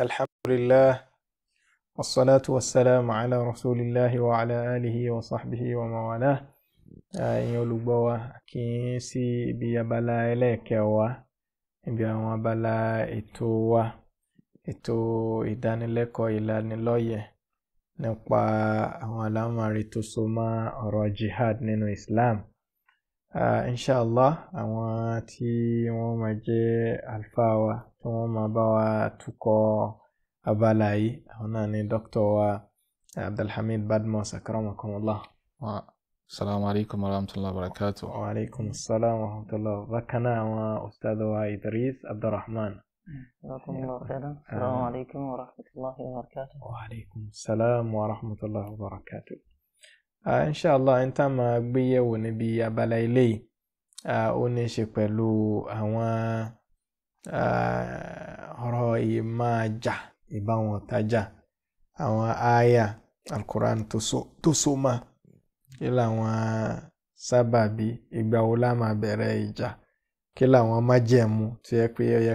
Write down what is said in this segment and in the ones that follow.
الحمد لله والصلاة والسلام على رسول الله وعلى آله وصحبه وموالاه ẹ̀yin olùgbọ́ wa kì í sí ibi abala ẹlẹ́ẹ̀kẹwàá ibi àwọn abala ètò wa ètò ìdánilẹ́kọ̀ọ́ ìlanilọ́yẹ̀ nípa àwọn àlámọ̀rí tó so mọ́ ọ̀rọ̀ jihad nínú Islam. آه، ان شاء الله اماتي ماما جي الفاوا ماما باوا توكو ابالاي هنا ني دكتور عبد الحميد بدموس اكرمكم الله السلام عليكم ورحمه الله وبركاته وعليكم السلام ورحمه الله وكنا استاذ ادريس عبد الرحمن آه. السلام عليكم ورحمه الله وبركاته وعليكم السلام ورحمه الله وبركاته inshallah n tá máa gbé yẹ̀wò níbi abala eléyìí ó ní í ṣe pẹ̀lú àwọn ọ̀rọ̀ ìmáàjà ìbáwọn ọ̀tajà àwọn àyà alukoran tó so ma kí làwọn sábàbí ìgbà wo la máa bẹ̀rẹ̀ ìjà kí làwọn májẹ̀mú tó yẹ pé ó yẹ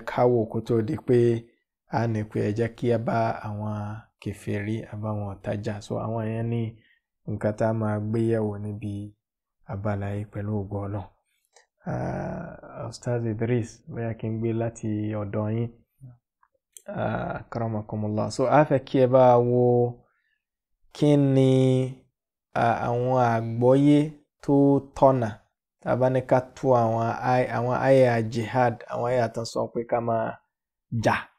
kó tó di pé a ní ẹ jẹ́ kí ẹ bá àwọn so àwọn yẹn ní. nkata ma a máa gbéyẹ̀wò níbi abala yìí pẹ̀lú ògo ọlọ́run. Ah, Ustaz Idris bóyá kí n gbé láti ọ̀dọ̀ yín ah, karamakumullah so a fẹ́ kí ẹ bá wo kí ni ah, àwọn àgbọ́yé tó tọ̀nà tàbá ní àwọn àyà jihad àwọn àyà tó sọ pé ká máa jà. Ja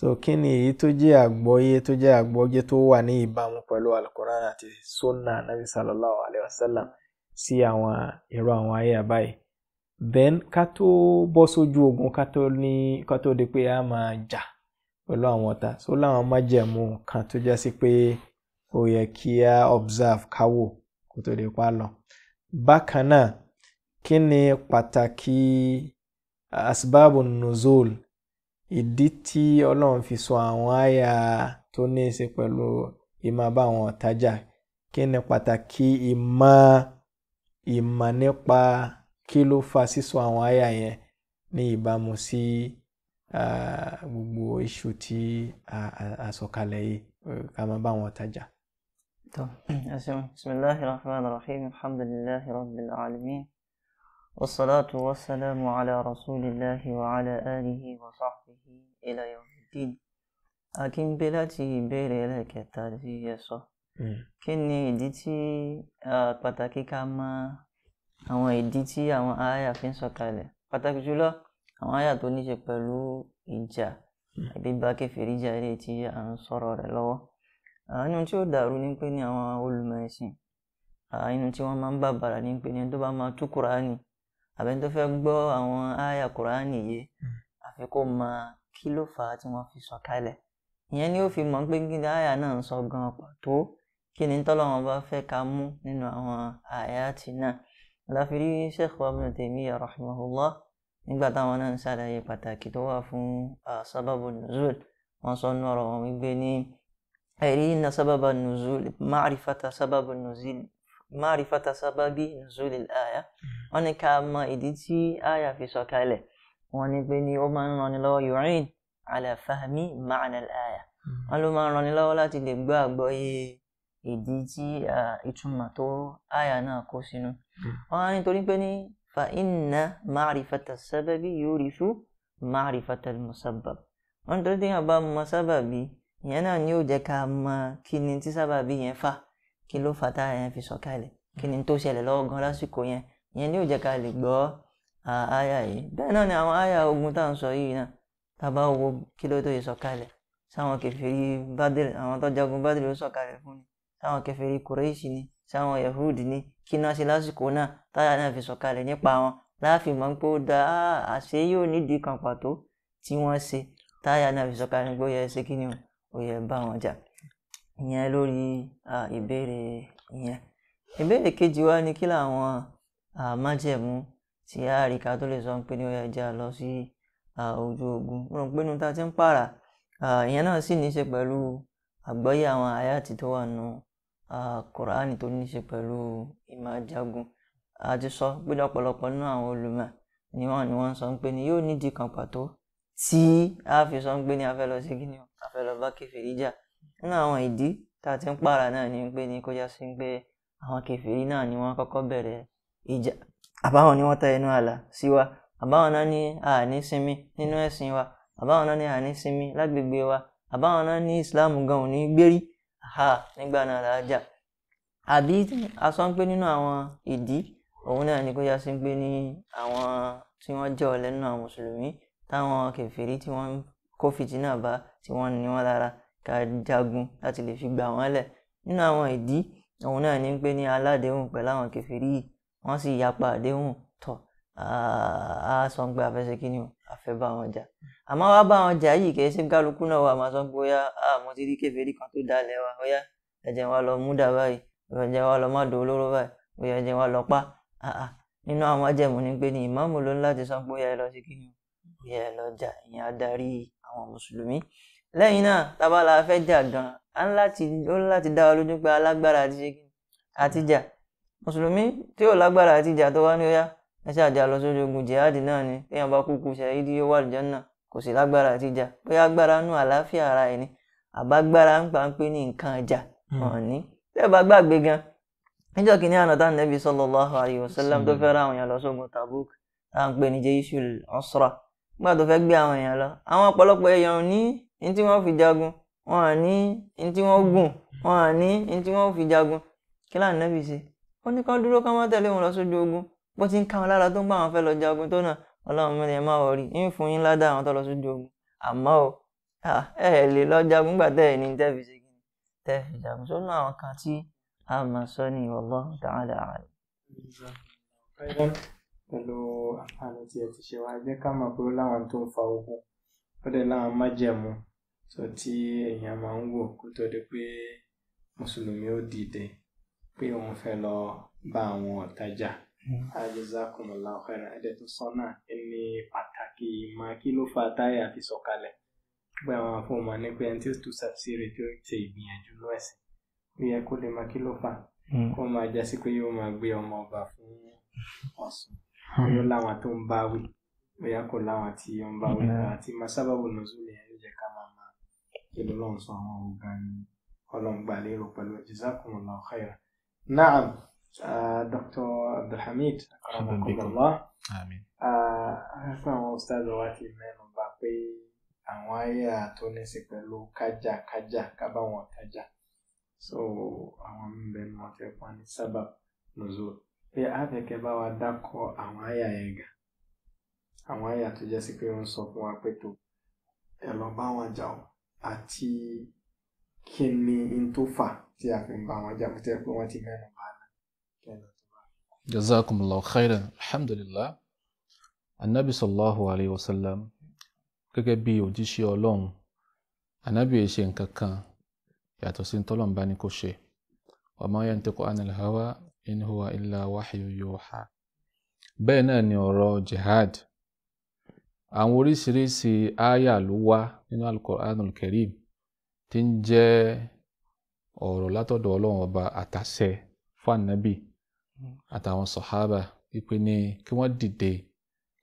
so kí ni èyí tó jẹ́ àgbọ́yé tó jẹ́ àgbọ́yé tó wà ní ìbámu pẹ̀lú alukoran àti sunna nabi sallallahu alayhi wa sallam sí àwọn irú àwọn ayé àbáyé then ká tó bọ́ sójú ogun ká tó ní ká tó di pé a máa jà pẹ̀lú àwọn ọ̀tá so láwọn májẹ̀mú kan tó já sí pé ó yẹ kí a observe ká wò kó tó di pa lọ bákan náà kí ni pàtàkì asbabun nuzul ìdí tí ọlọ́run fi sọ àwọn àyà tó ní í ṣe pẹ̀lú ìmọ̀ báwọn ọ̀tajà kí ni pàtàkì ìmọ̀ ìmọ̀ nípa kí ló fa sísọ àwọn àyà yẹn ní ìbámu sí gbogbo iṣu tí a sọ̀kalẹ̀ yìí ká máa báwọn ọ̀tajà. طب بسم الله الرحمن الرحيم الحمد لله رب العالمين والصلاة والسلام على رسول الله وعلى آله وصحبه إلى يوم الدين akin gbé láti ìbéèrè ẹlẹ́kẹta tí ẹ sọ kí ni ìdí tí pàtàkì ká mọ̀ àwọn ìdí tí àwọn aáyà fi ń sọ̀kalẹ̀ pàtàkì jùlọ àwọn aáyà tó ní ṣe pẹ̀lú ìjà àbíbá kẹfìrí jà ilé tí à ń sọ̀rọ̀ rẹ̀ lọ́wọ́ inú tí ó dàrú ni pé ní àwọn olùmọ̀ ẹ̀sìn inú tí wọ́n máa ń bàbàrà ni pé ní tó bá máa tú Kùránì àbẹ́ni tó fẹ́ gbọ́ àwọn àyà kùránì yìí hmm. àfi kó mọ kí ló fà á tí wọ́n fi sọ kalẹ̀ ìyẹn ni ó fi mọ̀ pé kí ni àyà náà ń sọ gan pàtó kí ni tọ́lọ́wọ́n bá fẹ́ ká mú nínú àwọn àyà tì náà láfiri Sheikh Ibn Taymiyyah rahimahullah nígbà táwọn náà ń ṣàlàyé pàtàkì tó wà fún sábàbù nùzúl wọn sọ nù ọ̀rọ̀ wọn wípé ní ẹ̀rí iná sábàbù nùzúl máàrífàtà sábàbù nùzúl marifata sábàbí nùzúlì àyà wọ́n ní ká mọ ìdí tí àyà fi sọ̀kalẹ̀ wọ́n ní pé ni ó máa ń ranni lọ́wọ́ yu'in ala fahmi ma'na al-aya hmm. wọ́n ló máa ń ranni lọ́wọ́ láti lè gbọ́ àgbọ́yé ìdí tí ìtumọ̀ tó àyà náà kó sínú hmm. wọ́n á nítorí pé ní fa inna marifata sábàbí yurifu marifata al-musabbab wọ́n nítorí tí yàn bá mọ sábàbí náà ni ó jẹ́ ká mọ kí tí sábàbí yẹn fà kí ló fà táyà yẹn fi sọ̀kalẹ̀ kí ni mm. tó ṣẹlẹ̀ lọ́wọ́ gan lásìkò yẹn ìyẹn ni ó jẹ́ ká lè gbọ́ àyà yìí bẹ́ẹ̀ náà ni àwọn àyà ogun tá à ń sọ yìí náà tá a bá wo kí ló tó yẹ sọ̀kalẹ̀ sáwọn kèfèrí bádìrì àwọn tó jagun bádìrì ó sọ̀kalẹ̀ fún ni sáwọn kèfèrí kùrẹ́ṣì ni sáwọn yahudi ni kí náà ṣe lásìkò náà táyà náà fi sọ̀kalẹ̀ nípa wọn láàfin mọ̀ pé ó da àṣé yóò nídìí kan pàtó tí wọ́n ṣe táyà náà fi sọ̀kalẹ̀ gbóyè ṣe kí ni ó yẹ bá wọn jà ìyẹn lórí ìbéèrè ìyẹn. Ìbéèrè kejì wa ni kí làwọn májẹ̀mú tí a rí ká tó lè sọ pé ní ó yẹ jẹ́ a lọ sí ojú ogun. Mo rò pé inú ta ti ń pààrà, ìyẹn náà sì ní í ṣe pẹ̀lú àgbọ́yé àwọn àyátì tó wà nínú Kùránì tó ní pẹ̀lú ìmọ̀ A ti sọ pé ọ̀pọ̀lọpọ̀ nínú àwọn olùmọ̀ ni wọ́n ni wọ́n sọ pé ní yóò nídi kan pàtó tí a fi sọ pé ní a fẹ́ lọ ṣe kí a fẹ́ lọ bá kèfèrí jà nínú àwọn ìdí tá a ti ń pààrà náà ni pé ní kó já sí pé àwọn kèfèrí náà ni wọ́n kọ́kọ́ bẹ̀rẹ̀ ìjà àbáwọn ni wọ́n ta ẹnu àlà sí wa àbáwọn náà ní àní sinmi nínú ẹ̀sìn wa àbáwọn náà ní àní sinmi lágbègbè wa àbáwọn náà ní Islam gan òní gbérí ha nígbà náà là á jà àbí asọ́ ń pé nínú àwọn ìdí òun náà ni kó já sí pé ní àwọn tí wọ́n jẹ́ ọ̀lẹ́ nínú àwọn mùsùlùmí táwọn kèfèrí tí wọ́n kó fìtínà bá tí wọ́n ní wọn lára ká jagun láti lè fi gbà wọ́n lẹ̀ nínú àwọn ìdí òun náà ní pé ní aládéhùn pẹ̀lú àwọn kèfèrí yìí wọ́n sì yapa àdéhùn tọ̀ á sọ pé afẹ́sẹ́ kí ni o afẹ́ bá wọn jà àmọ́ wá bá wọn jà yìí kìí ṣe kálukú náà wà máa sọ pé bóyá àmọ́ ti rí kèfèrí kan tó dalẹ̀ wa bóyá ẹ̀jẹ̀ wa lọ múdà báyìí ẹ̀jẹ̀ wa lọ má dò olóró báyìí bóyá ẹ̀jẹ̀ wa lọ pa nínú àwọn ajẹ́mu ni pé ní ìmáàmù ló ń láti sọ pé bóyá ẹ lọ sí kí ni o bóyá ẹ lọ jà ìyẹn adarí àwọn mùsùlùmí lẹ́yìn náà tábàlà fẹ́ jà gan á ń láti ó ń láti dá wa lójú pé alágbára àti ṣe kí àti jà mùsùlùmí tí ò lágbára àti jà tó wá ní ọyá ẹ ṣáà jà lọ sójú ogun jihadi náà ni kéèyàn bá kúkú ṣàyídí yóò wà lùjánà kò sí lágbára àti jà bóyá agbára nù àlàáfíà ara ẹ ni àbágbára ń pa ń pè ní nǹkan ọjà hmm. ọ̀ní tẹ́ ẹ bá gbàgbé gan níjọ́ kìíní àná tá nẹ́bí sallallahu alayhi wa sallam tó fẹ́ ra àwọn èèyàn lọ sógun Tabuk tá à ń pè ní jayshul usra nígbà tó fẹ́ gbé àwọn èèyàn lọ àwọn ọ̀pọ̀lọpọ̀ èèyàn ní ní tí wọ́n fi jagun wọn à ní ní tí wọ́n gùn wọn à ní ní tí wọ́n fi jagun kí láà nẹ́bì ṣe ó ní kán dúró ká má tẹ̀lé wọn lọ sójú ogun bó ti ń ká wọn lára tó ń gbà wọn fẹ́ lọ jagun tó náà ọlọ́run mi ni ẹ má wọ rí ń fún yín ládàá àwọn tó lọ sójú ogun àmọ́ o ẹ ẹ lè lọ jagun gbà tẹ́ ẹ ní tẹ́ fi ṣe kí ni tẹ́ fi jagun sónú àwọn kan tí a máa sọ ní wallahu ta'ala alim pẹ̀lú àǹfààní tí ẹ ti ṣe wá jẹ́ ká mọ̀ pé ó láwọn tó ń fa ogun ó dẹ̀ láwọn májẹ̀mú sọ tí èèyàn máa ń wò kó tó di pé mùsùlùmí ó dìde pé òun fẹ́ lọ bá àwọn ọ̀tá jà ajazakumullahu hmm. khairan ẹ̀dẹ̀ tó sọ́nà ní pàtàkì máa kí ló fa táyà fi sọ̀kalẹ̀ gbé àwọn afọ́mọ ní pé ẹni tí ó tún ṣàṣírí tí ó ṣe ìgbìyànjú náà ẹ̀sìn ó yẹ kó lè máa kí ló fa hmm. kó máa jásí pé yóò máa gbé ọmọ ọba fún Ọ̀ṣun hmm. yóò láwọn tó ń bá bóyá kò láwọn tí ó ń bá wí àti masábàbò nùzúlẹ̀ ẹ̀ ló jẹ́ ká máa kí ló lọ́n sọ àwọn ògùn ni ọlọ́n gbà lérò pẹ̀lú jazakumullahu khairan. naam ah, dr abdulhamid akramakumullah fún ah, àwọn ustaazu wa ti mẹ́nu bà pé àwọn àyà tó ní sí pẹ̀lú kájà kájà kábàwọn kájà so àwọn mbẹ́nu wọn ti pọ́n ní sábà nùzọ́ pé àfẹ́kẹ́ bá wa dákọ̀ àwọn àyà yẹn gan àwọn àyà tó jẹ́ sí pé ó wa pé àti kí ni n tó fà tí a fi ń bá wọn jàmù tẹ́ pé wọ́n ti mẹ́nu bá náà. jazakumullahu khairan alhamdulillah anabi sallallahu alayhi wa sallam gẹ́gẹ́ bí òjíṣẹ́ ọlọ́run anabi ẹ̀ ṣe nǹkan kan yàtọ̀ sí tọ́lọ́n bá ní kó ṣe wa ma yantiqu anil hawa in huwa illa wahyu yuha bẹ́ẹ̀ náà ni ọ̀rọ̀ jihad àwọn oríṣiríṣi àyà ló wá nínú alukoranul kerim tí ń jẹ́ ọ̀rọ̀ látọ̀dọ̀ ọlọ́run ọba àtàṣẹ fànàbì àtàwọn sọ̀hábà wípé ní kí wọ́n dìde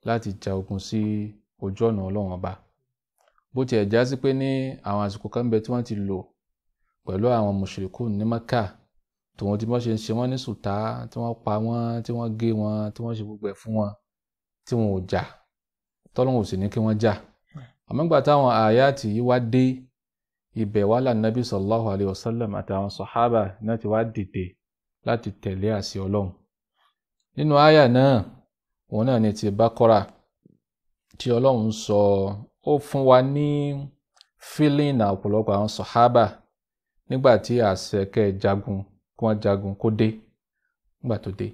láti ja ogun sí ojú ọ̀nà ọlọ́run ọba bó tiẹ̀ já sí pé ní àwọn àsìkò kan bẹ tí wọ́n ti lò pẹ̀lú àwọn mùṣírikù ní mẹ́kà tòun tí wọ́n ṣe ń ṣe wọ́n ní sùtá tí wọ́n pa wọ́n tí wọ́n gé wọn tí wọ́n ṣe gbogbo ẹ̀ fún wọn tí wọn ò jà tọ́lọ́hún ò sì ní kí wọ́n jà àmọ́gbà táwọn àyàtì yìí wá dé ibẹ̀ wà lànàbí sallallahu alayhi wa sallam àtàwọn sọ̀hábà náà ti wá dìde láti tẹ̀lé àṣẹ ọlọ́run nínú àyà náà òun náà ni ti bákọ́ra tí ọlọ́run sọ ó fún wa ní fílìn ọ̀pọ̀lọpọ̀ àwọn sọ̀hábà nígbà tí àṣẹ jagun kí wọ́n jagun kó dé nígbà tó dé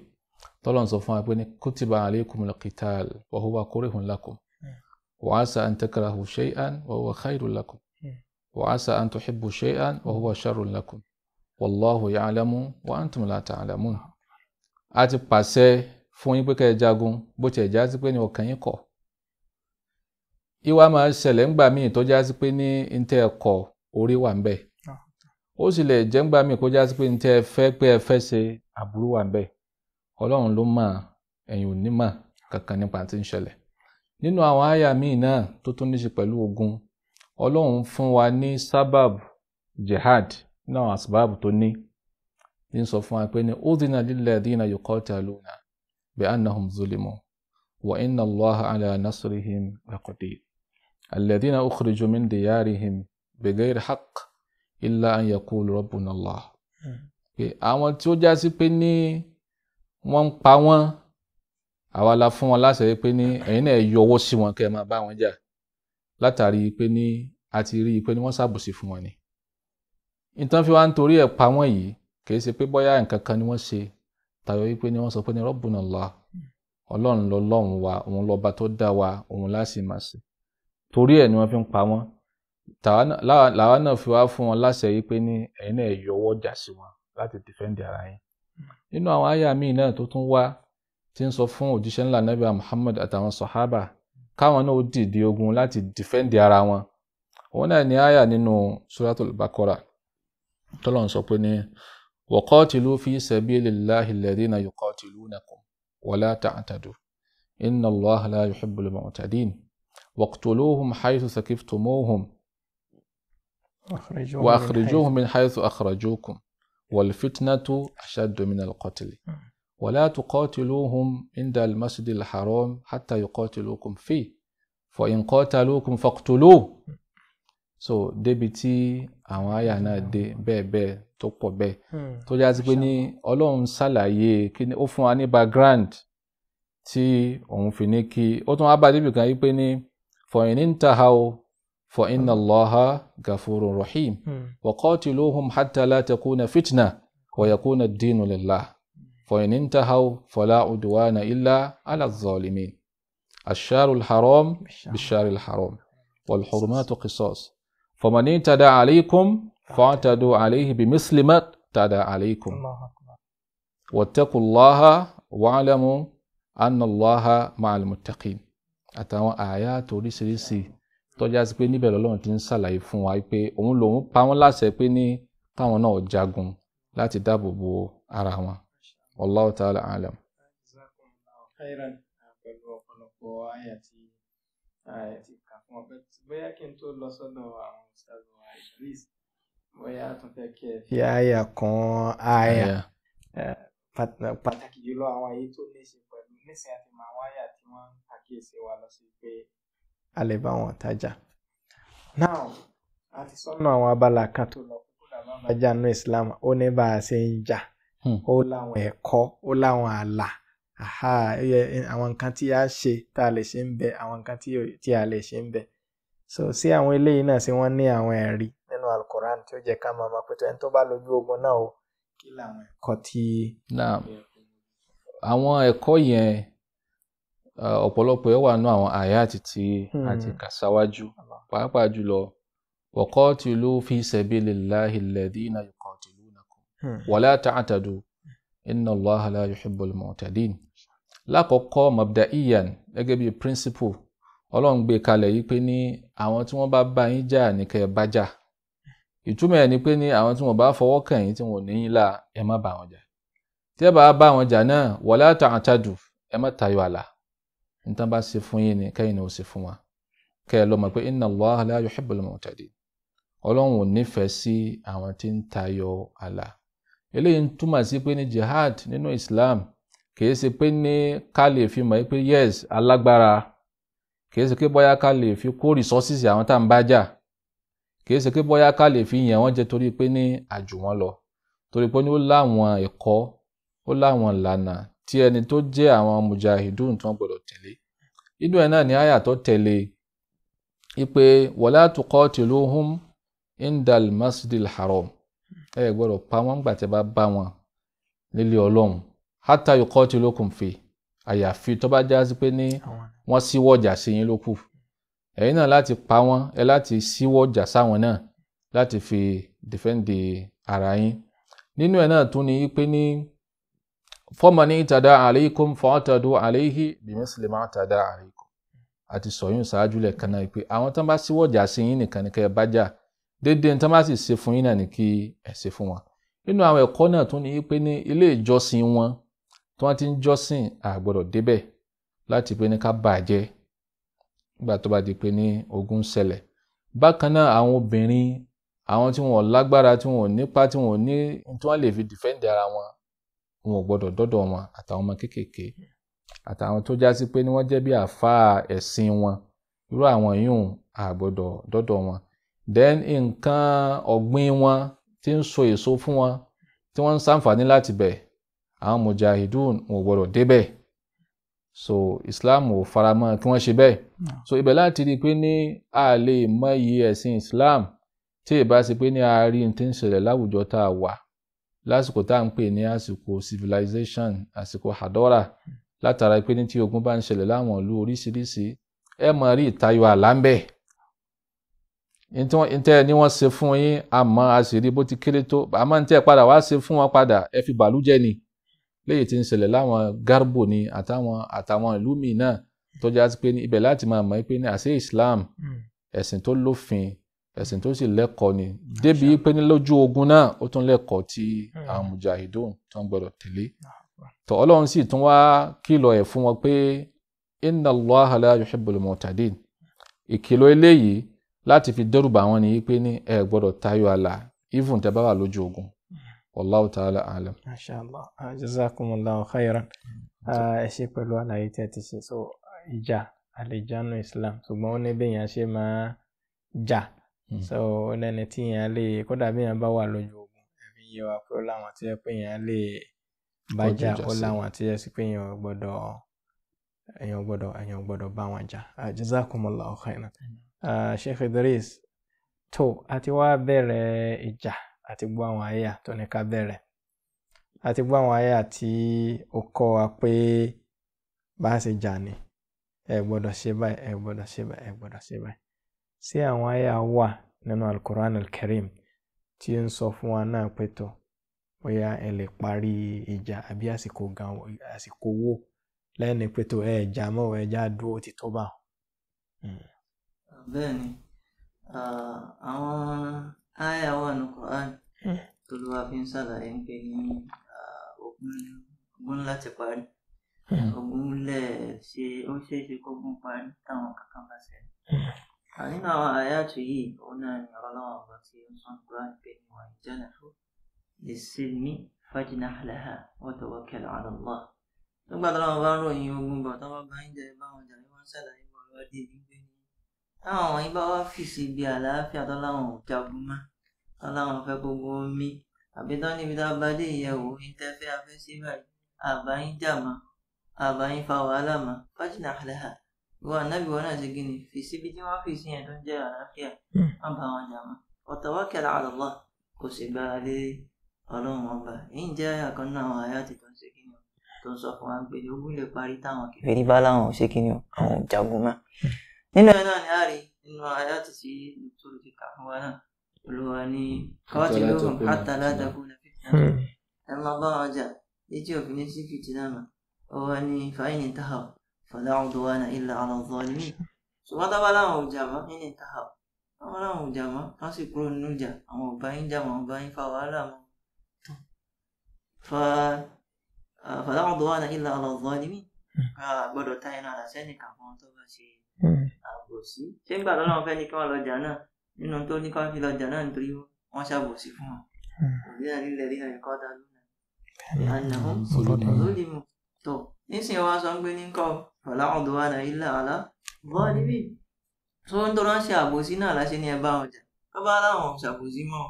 tọ́lọ́run sọ fún wa pé ní kútìbà alaykumul qital wa huwa kurihun lakum وعسى أن تكرهوا شيئا وهو خير لكم وعسى أن تحبوا شيئا وهو شر لكم والله يعلم وأنتم لا تعلمون a ti pàṣẹ fún yín pé kẹ́ ẹ jagun bó tiẹ̀ já sí pé ní ọkàn yín kọ̀ ìwà máa ṣẹlẹ̀ ńgbà míì tó já sí pé ní ntẹ́ ẹ kọ̀ orí wà ń bẹ̀ ah. ó sì lè jẹ́ ńgbà míì kó já sí pé ntẹ́ ẹ fẹ́ pé ẹ fẹ́ ṣe aburú wà ń bẹ̀ ọlọ́run ló mọ̀ ẹ̀yin ò ní mọ̀ kankan nípa tí ń ṣẹlẹ̀ nínú àwọn àyà míì náà tó tún ní ṣe pẹ̀lú ogun ọlọ́run fún wa ní sábàb jihad nínú àwọn àsìbáàb tó ní ní sọ fún wa pé ní udhina lilladhina yuqataluna bi annahum zulimu wa inna allaha ala nasrihim laqadir alladhina ukhriju min diyarihim bighayri haqq illa an yaqulu rabbuna allah. Hmm. àwọn tí ó já pé ní wọ́n ń pa wọ́n àwa la fún wọn láṣẹ pé ní ẹ̀yin náà yọ ọwọ́ sí wọn kẹ́ ẹ máa bá wọn jà látàrí pé ní a ti rí i pé ní wọ́n ṣàbòsí fún wọn ni. ìtàn fi wá ń torí ẹ̀ pa wọ́n yìí kì í ṣe pé bóyá nǹkan kan ni wọ́n ṣe tayọ wípé ni wọ́n sọ pé ní Rabbuna Allah ọlọ́run lọ́lọ́run wa òun lọ́ba tó dá wa òun láṣì máa ṣe torí ẹ̀ ni wọ́n fi ń pa wọ́n làwa náà fi wá fún wọn láṣẹ yìí pé ní ẹ̀yin náà yọ ọwọ́ jà sí wọn láti dìfẹ́ǹdì ara yín nínú àwọn àyà míì náà tó tún wá tin sọ fún òjíṣẹ́ ńlá nabi Muhammad àtàwọn sọ̀hábà káwọn náà dìde ogun láti defend ara wọn òun náà ní àyà nínú suratul Baqara tolon sọ pé ní wa qatilu fi sabilillahi alladhina yuqatilunakum wala ta'tadu inna Allaha la yuhibbul mu'tadin waqtuluhum haythu thaqiftumuhum واخرجوهم من حيث اخرجوكم والفتنه اشد من القتل ولا تقاتلوهم عند المسجد الحرام حتى يقاتلوكم فيه فإن قاتلوكم فاقتلوه so débi tí àwọn àyà náà dé bẹ́ẹ̀ bẹ́ẹ̀ tó pọ̀ bẹ́ẹ̀ hmm. tó yá sí pé ní ọlọ́run ṣàlàyé kíni ó fún wa ní background tí òun fi ní kí ó tún wá bá débi kan yí pé ní for in intahaw fa inna Allaha gafurun rahim hmm. wa qatiluhum hatta la takuna fitna wa yakuna dinu lillah فإن انتهوا فلا عدوان إلا على الظالمين الشار الحرام بالشار الحرام والحرمات قصاص فمن اعتدى عليكم فاعتدوا عليه بمثل ما اعتدى عليكم واتقوا الله واعلموا أن الله مع المتقين àtàwọn àyà toríṣiríṣi tọ́já sí pé níbẹ̀ lọ́lọ́run ti ń ṣàlàyé fún wa pé òun lòun pa wọ́n láṣẹ pé والله تعالى alam. pẹ̀lú ọ̀pọ̀lọpọ̀ ayé àti àti kà fún ọpẹ́ bóyá kí n tó lọ sọ́dọ̀ àwọn ọ̀sán wa Idris bóyá pàtàkì jùlọ àwọn ayé tó lè pẹ̀lú nísìnyí àti màá wáyà tí wọ́n ń pàkíyèsí wa lọ sí pé a lè bá wọn tajà. now àti sọ́nà àwọn abala kan tó lọ kókó làbá bá jà Islam ó ní bá a ṣe ń jà. Hmm. ó láwọn ẹ̀kọ́ ó láwọn ààlà àwọn nǹkan tí a ṣe tá a lè ṣe ń bẹ àwọn nǹkan tí a lè ṣe ń bẹ so sí àwọn eléyìí náà sí wọ́n ní àwọn ẹ̀rí nínú alukoran tí ó jẹ́ ká máa ma pé tó ẹni tó bá lójú ogun náà o kí làwọn ẹ̀kọ́ tí. àwọn ẹ̀kọ́ yẹn ọ̀pọ̀lọpọ̀ ẹ̀ wà nú àwọn àyàtì tí ti hmm. kà sáwájú pàápàá jùlọ wọ́kọ́ tìlú fi sabilillahi alladhina Hmm. wala ta'tadu inna Allaha la yuhibbul mu'tadin lákọ̀ọ́kọ́ mabda'iyan gẹ́gẹ́ bíi principle ọlọ́run gbé kalẹ̀ yìí pé ní àwọn tí wọ́n bá bá yín jà nìkan ẹ̀ bá jà ìtumọ̀ ẹ̀ ni pé ní àwọn tí wọ́n bá fọwọ́ kàn yín tí wọ́n ní yín là ẹ má bá wọn jà tí ẹ bá bá wọn jà náà wala ta'tadu ẹ má tayọ àlà nítorí bá ṣe fún yín ni kẹ́yìn ni ó ṣe fún wa kẹ́ ẹ lọ mọ̀ pé inna Allaha la yuhibbul mu'tadin ọlọ́run ò nífẹ̀ẹ́ sí àwọn tí ń tayọ àlà eléyìí ń túmọ̀ sí pé ní jihad nínú Islam kìí ṣe pé ní ká lè fi mọ̀ pé yes alágbára kìí ṣe pé bóyá ká lè fi kó resources àwọn tá à ń bá jà kìí ṣe pé bóyá ká lè fi yàn wọ́n jẹ torí pé ní àjù wọn lọ torí pé ní ó láwọn ẹ̀kọ́ ó láwọn ìlànà tí ẹni tó jẹ́ àwọn mujahidun tí wọ́n gbọ́dọ̀ tẹ̀lé inú ẹ̀ náà ni àyà tó tẹ̀lé ipe wala tuqatiluhum indal masjidil haram ẹ gbọ́dọ̀ pa wọ́n gbà tẹ́ bá bá wọn nílé ọlọ́run hátà yòókọ́ tí olókùn fi àyàfi tó bá já sí pé ní wọ́n síwọ́ ọjà sí yín ló kù ẹ̀yin náà láti pa wọ́n ẹ láti síwọ́ ọjà sáwọn náà láti fi dìfẹ́ǹdì ara yín nínú ẹ̀ náà tún ni pé ní fọ́mọ̀ní ìtàdá alaykum fọ́ọ̀tàdó alayhi bímísìlẹ̀ máa tàdá alaykum àti sọ̀yún ṣáájú lẹ̀ kan náà pé àwọn tó bá síwọ́ ọjà sí yín nìkan ni kẹ́ ẹ bá jà déédéé ní tí wọ́n bá sì ṣe fún yín náà ni kí ẹ ṣe fún wọn nínú àwọn ẹ̀kọ́ náà tún ní pé ní ilé ìjọsìn wọn tí wọ́n ti ń jọ́sìn àgbọ̀dọ̀ débẹ̀ láti pé ní ká bàjẹ́ nígbà tó bá di pé ní ogun ṣẹlẹ̀ bákan náà àwọn obìnrin àwọn tí wọn ò lágbára tí wọn ò nípa tí wọn ò ní tí wọn lè fi dìfẹ́ǹdì ara wọn wọn ò gbọ́dọ̀ dọ́dọ̀ wọn àtàwọn ọmọ kéékèèké àtàwọn tó já pé ní wọ́n jẹ́ àáfàá ẹ̀sìn wọn irú àwọn yìí à gbọ́dọ̀ dọ́dọ̀ wọn then nǹkan ọ̀gbìn wọn tí ń so èso fún wọn tí wọ́n ń ṣàǹfààní láti bẹ̀ àwọn mujahidun wọn ò gbọ́dọ̀ débẹ̀ so islam ò faramọ́ kí wọ́n ṣe bẹ́ẹ̀ so ibẹ̀ láti rí i pé ní a lè mọ iye ẹ̀sìn islam tí ìbá ṣe pé ní a rí n tí ń ṣẹlẹ̀ láwùjọ tá a wà lásìkò tá à ń pè ní àsìkò civilization àsìkò hadora látara pé ní tí ogun bá ń ṣẹlẹ̀ láwọn ìlú oríṣiríṣi ẹ mọ̀ rí ìtayọ àlá ntí wọn ntẹ ni wọn ṣe fún yín àmọ́ a sì rí bó ti kéré tó àmọ́ ntẹ padà wá ṣe fún wọn padà ẹ fi bàlújẹ́ ni léyìí tí ń ṣẹlẹ̀ láwọn Garbo ni àtàwọn àtàwọn ìlú mi náà tọjá sí pé ibẹ̀ láti máa mọ̀ pé ní àṣẹ Islam hmm. ẹ̀sìn tó lófin ẹ̀sìn tó sì lẹ́kọ̀ọ́ ni débi pé ní lójú ogun náà ó tún lẹ́kọ̀ọ́ tí hmm. àwọn mujahideen tó ń gbọ́dọ̀ tẹ̀lé tó Ọlọ́run sì tún wá kìlọ̀ ẹ̀ fún wọn pé inna Allaha la yuhibbul mu'tadin ìkìlọ̀ eléyìí láti fi dẹ́rùbà wọn ni pé ní ẹ gbọ́dọ̀ tayọ àlà even tẹ́ bá wà lójú ogun wallahu ta'ala alam. mashallah ah, jazakumullahu khairan mm. ah, ẹ ṣe pẹ̀lú àlàyé tí ẹ ti ṣe so ìjà àlejànú islam ṣùgbọ́n ó ní bí èèyàn ṣe máa jà mm. so ó lẹ́ni tí èèyàn lè kódà bí èèyàn bá wà lójú ogun ẹ̀mí yẹ wa pé ó láwọn tí ẹ pé èèyàn lè bá jà ó láwọn tí ẹ sì pé èèyàn gbọ́dọ̀ èèyàn gbọ́dọ̀ èèyàn gbọ́dọ̀ bá wọn jà ah, jazakumullahu khairan. Mm. Ah, Sheikh Idris tó àti wá bẹ̀rẹ̀ ìjà àti gbọ́ àwọn àyà tó ní ká bẹ̀rẹ̀ àti gbọ́ àwọn àyà tí ó kọ́ wa pé bá a ṣe jà ni ẹ gbọ́dọ̀ ṣe báyìí ẹ gbọ́dọ̀ ṣe báyìí ẹ gbọ́dọ̀ ṣe báyìí sí àwọn àyà wà nínú Al-Qur'an Al-Karim tí ń sọ fún wa náà pé tó bóyá ẹ lè parí ìjà àbí àsìkò gan àsìkò wo lẹ́ni pé tó ẹ jà mọ́ ẹ já dúró ti tó bá wọn. Hmm bẹ́ẹ̀ ni àwọn àyà wà ní Quran hmm. tó ló wá fi ń ṣàlàyé ń pè ní ogun láti parí hmm. ogun lẹ̀ ṣe ó ṣeé ṣe kógun parí táwọn kankan bá ṣẹlẹ̀ hmm. nínú àwọn àyàtò yìí òun náà ni ọlọ́wọ́n ọba tí ó sọ Quran pé ní wọ́n ìjánà fún ìsinmi fájìnà àlàhà wọ́n tọwọ́ kẹlẹ̀ àlọ́lá nígbà tó lọ́wọ́ bá ń ròyìn ogun bọ̀ tó bá bá ń jẹ báwọn jà ní wọ́n ṣàlàyé bọ̀ lọ́wọ́ dé ní gbé táwọn yín bá wá fìsì ibi àlàáfíà tó láwọn ò jagun mọ́ tó láwọn fẹ́ gbogbo omi àbí tán níbi tá a bá dé ìyẹ̀wò ìtẹ́fẹ́ afẹ́sẹ́ báyìí àbáyín jà mọ́ àbáyín fa wàhálà mọ́ fájìnà àlẹ́hà ìwọ ànábì wọn náà ṣe gíní fìsí ibi tí wọ́n fìsí yẹn tó ń jẹ́ àlàáfíà wọ́n hmm. bá wọn jà mọ́ ọ̀tọ̀wọ́kẹ̀lá àlọ́lá kò sì gbára lé ọlọ́run ọba èyí jẹ́ àkànnà àwọn àyà nínú ẹ̀ náà ni a rí nínú àyàtì tí dókítà ti kà fún wa náà olùwà ni káwọ́tì lóhùn hatta la takuna fitna ẹ máa bá wọn jà létí òfin ní sí fìtínà mà ọwọ́ ni fàáyìn táhà fala udwana illa ala zalimin ṣùgbọ́n tábà láwọn ò jàmọ́ nínú táhà àwọn láwọn ò jàmọ́ wọ́n sì kúrò nínú ìjà àwọn ọba yín jàmọ́ ọba yín fa wàhálà mọ́ fala udwana illa náà hmm. àṣẹ nìkan fún ọ tó àbòsí ṣé nígbà tó lọ́wọ́ fẹ́ ní kí wọ́n lọ jà náà nínú tó ní kí wọ́n fi lọ jà náà nítorí wọ́n ṣàbòsí fún wọn hmm. òbí náà nílẹ̀ rí ẹ̀kọ́ dá lónà ànàmú olùdìmọ̀ tó nísìnyí wọn sọ ń gbé ní kọ́ ọ̀là ọ̀dọ̀ wa náà ilẹ̀ ọ̀là bọ́ọ̀ níbí tó ń tọ́ra ṣe àbòsí náà láṣẹ ní ẹ̀bá ọjà tó bá láwọn ṣàbòsí mọ́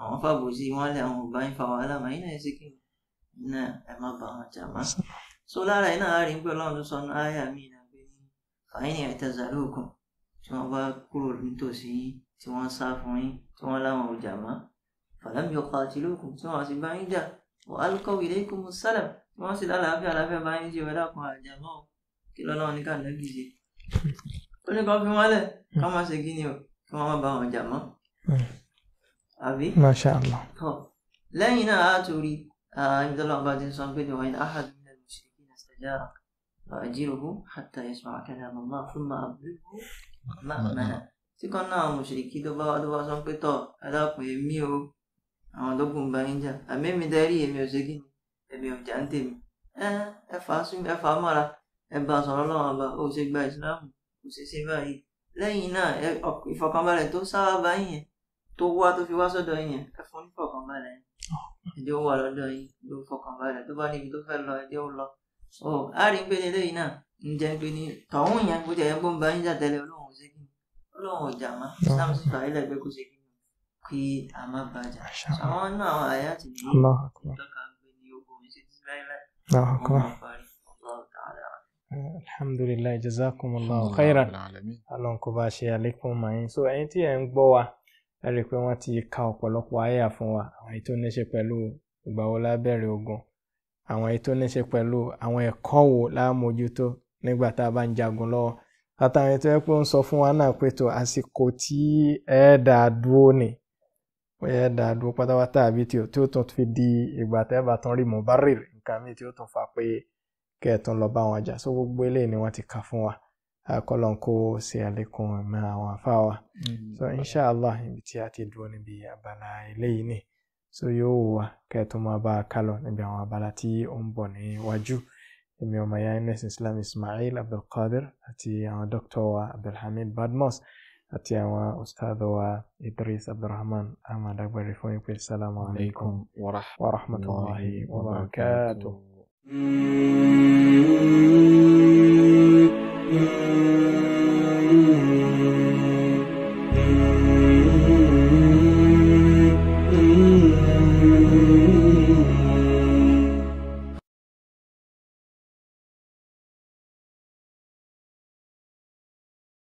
àwọn fàbòsí wọn lé àwọn ọba ń fa wàhálà màá yín náà ṣe kí hmm. so lára iná àárín pé ọlọ́run tó sọnù áyà mi kàyínì ẹ̀tẹ̀sàlóògùn tí wọ́n bá kúrò nítòsí yín tí wọ́n sá fún yín tí wọ́n láwọn ò jà mọ́ fàlámì ọkọ̀ àti lóògùn tí wọ́n sì bá yín jà wọ́n alukọ̀ wìlẹ̀ ikú musálàm tí wọ́n sì lálàáfíà aláfíà bá yín jẹ́ ọ̀dà kan àjàmọ́ kí lọ́lọ́run ní kàlẹ́bí ṣe. ó ní kó fi wọ́n lẹ̀ kó má ṣe gíní o kí wọ́n má bá wọn jà mọ́. àbí. masha allah. lẹ́yìn náà a torí ibi tó lọ́wọ́ bá ti sọ pé ìwọ̀n وأجيبه حتى يسمع كلام الله ثم أضربه مأمنا tí kan náà àwọn òṣèrèkí tó bá wá tó bá sọ pé tọ adákùn èmi o àwọn ológun bá yín jà àmì èmi darí èmi ò ṣe kí ni èmi ò jà ń tèmi ẹ fà á sún ẹ fà á mọ́ra ẹ bá a sọ̀rọ̀ lọ́wọ́ ọba ó ṣe gba ìsìláàmù kò ṣe ṣe báyìí lẹ́yìn náà ìfọ̀kànbalẹ̀ tó sáwà bá yẹn tó wá tó fi wá sọ́dọ̀ yẹn ẹ fún ní ìfọ̀kànbalẹ̀ ẹjọ́ wà lọ́dọ̀ yìí ló fọkànbalẹ̀ tó bá níbi tó fẹ́ lọ ẹjọ́ lọ o á rí pé eléyìí náà ń jẹ́ pé ní tọ̀hún yẹn kó jẹ́ bó ń ba yín jà tẹ́lẹ̀ ọlọ́run ò ṣe kí ọlọ́run ò jà mọ́ islam sì fà á lẹ́gbẹ́ kó ṣe kí kí a má bàjá àwọn náà àwọn àyà ti ní ìtọ́ka pé ní ogun ìṣe ti láíláí wọn máa parí ọlọ́run tààrà. khairan alon kò bá ṣe àwọn èyí tó ní ṣe pẹ̀lú àwọn ẹ̀kọ́ wo láàmójútó nígbà tá a bá ń jagun lọ́wọ́ látàrí èyí tó yẹ pé ń sọ fún wa náà pé tó àsìkò tí ẹ dà dúró ni ẹ dà dúró pátápátá àbí tí ó tún fi di ìgbà tẹ́ bá tún rí mubarir nǹkan míì tí ó tún fa pé kẹ́ ẹ̀ tún lọ bá wọn jà só gbogbo eléyìí ni wọ́n ti kà fún wa akọlọ́n kó ṣe àlékún ẹ̀mí àwọn afáwa mm-hmm. so inshallah ibi tí a ti dúró níbi abala eléyìí ni. so yóò wà kẹ́ ẹ tó máa bá a kálọ níbi àwọn abala tí ó ń bọ̀ níwájú èmi ọmọ ya ms islam ismail abdulkadir àti àwọn doctor wa abdulhamid badmus àti àwọn ustaadọ wa idris abdulrahman ahmed agbari fún ìpè salamu alaikum wa rahmatulahi wa barakatuh. Mm-hmm.